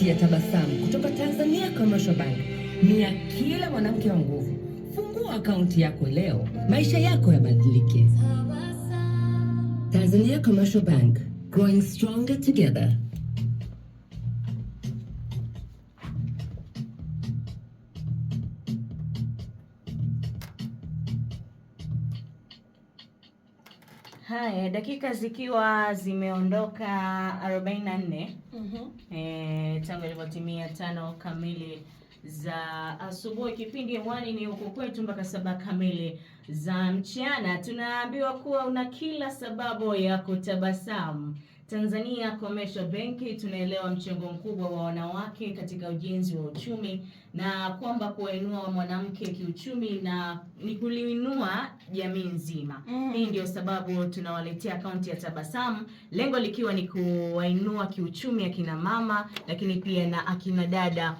ya tabasamu kutoka Tanzania Commercial Bank ni ya kila mwanamke wa nguvu. Fungua akaunti yako leo, maisha yako yabadilike. Tanzania Commercial Bank, growing stronger together. Haya, dakika zikiwa zimeondoka 44 mm -hmm. E, tangu ilivyotimia tano kamili za asubuhi, kipindi hewani ni huko kwetu mpaka saba kamili za mchana. Tunaambiwa kuwa una kila sababu ya kutabasamu. Tanzania Commercial Bank tunaelewa mchango mkubwa wa wanawake katika ujenzi wa uchumi na kwamba kuwainua mwanamke kiuchumi na ni kuliinua jamii nzima. Mm. Hii ndio sababu tunawaletea kaunti ya Tabasamu, lengo likiwa ni kuwainua kiuchumi akina mama lakini pia na akina dada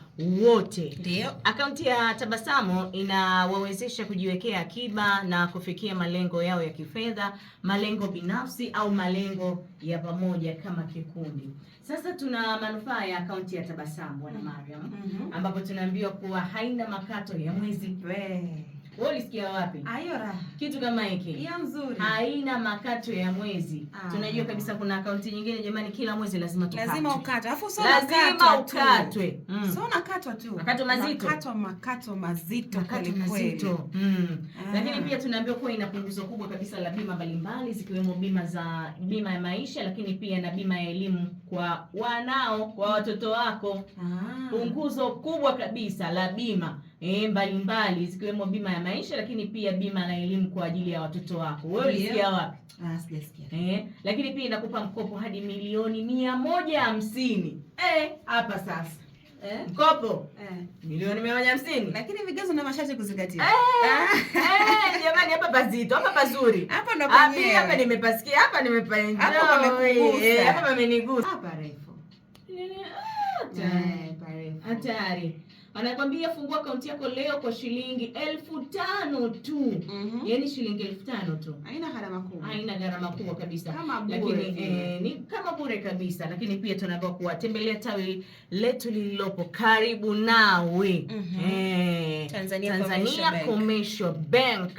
wote. Ndio. Akaunti ya Tabasamu inawawezesha kujiwekea akiba na kufikia malengo yao ya kifedha, malengo binafsi au malengo ya pamoja pamoja kama kikundi. Sasa tuna manufaa ya akaunti ya Tabasamu, na mm-hmm. Mariam, mm -hmm. ambapo tunaambiwa kuwa haina makato ya mwezi wewe ulisikia wapi? Hiyo raha. Kitu kama hiki. Ya mzuri. Haina makato ya mwezi. Ah. Tunajua kabisa kuna akaunti nyingine jamani kila mwezi lazima tukate. Lazima ukate. Alafu sio lazima ukatwe. Mm. Sio nakatwa tu. Makato mazito. Makato makato mazito kweli kweli. Mm. Ah. Lakini pia tunaambiwa kuwa ina punguzo kubwa kabisa la bima mbalimbali zikiwemo bima za bima ya maisha lakini pia na bima ya elimu kwa wanao kwa watoto wako. Aa. Ah. Punguzo kubwa kabisa la bima eh, mbalimbali zikiwemo bima ya maisha maisha, lakini pia bima na elimu kwa ajili ya watoto wako. Wewe ulisikia wapi? Ah, sijasikia. Eh, lakini pia inakupa mkopo hadi milioni mia moja hamsini eh, hapa eh, sasa Eh? Mkopo eh, milioni mia moja hamsini, lakini vigezo na masharti kuzingatia. Eh, ah. eh, jamani, hapa pazito, hapa pazuri, hapa ndo ah, penyewe, hapa nimepasikia, hapa nimepaenjoy, hapa hapa pamenigusa, hapa refu ah, hatari anakwambia fungua akaunti yako leo kwa shilingi elfu tano tu mm -hmm. Yaani shilingi elfu tano tu, haina gharama kubwa, haina gharama kubwa kabisa, kama bure, lakini e, ni kama bure kabisa. Lakini pia tunaambiwa kuwatembelea tawi letu lililopo karibu nawe mm -hmm. e, Tanzania, Tanzania Commercial Bank, Commercial Bank.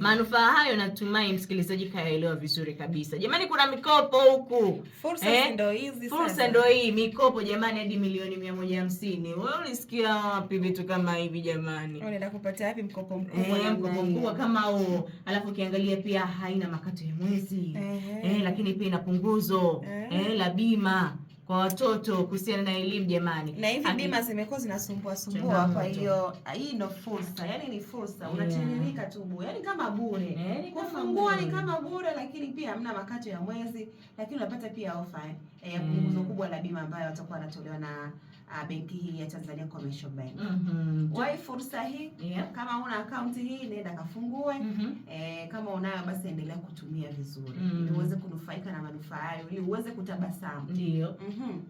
Manufaa hayo natumai msikilizaji kayaelewa vizuri kabisa. Jamani, kuna mikopo huku, fursa eh, ndio hizi, fursa ndio hii mikopo jamani, hadi milioni mia moja hamsini. Wewe ulisikia wapi vitu kama hivi jamani? Unaenda kupata wapi mkopo mkubwa eh, mkopo mkubwa kama huo? Alafu ukiangalia pia haina makato ya mwezi eh, eh, lakini pia ina punguzo eh, eh la bima kwa watoto kuhusiana na elimu jamani. Na hivi bima zimekuwa zinasumbua sumbua, kwa hiyo ah, hii ndo fursa, yani ni fursa yeah. Unatiririka tu bure, yani kama bure yeah, yaani kufungua ni kama bure, lakini pia hamna makato ya mwezi, lakini unapata pia ofa eh, ya mm. punguzo mm. kubwa la bima ambayo watakuwa wanatolewa na uh, benki hii ya Tanzania Commercial Bank mm -hmm. Wai fursa hii yeah. Kama una akaunti hii nenda kafungue mm -hmm. Eh, kama unayo basi endelea kutumia vizuri mm -hmm. ili uweze kunufaika na manufaa hayo, ili uweze kutabasamu ndio mm -hmm. 嗯。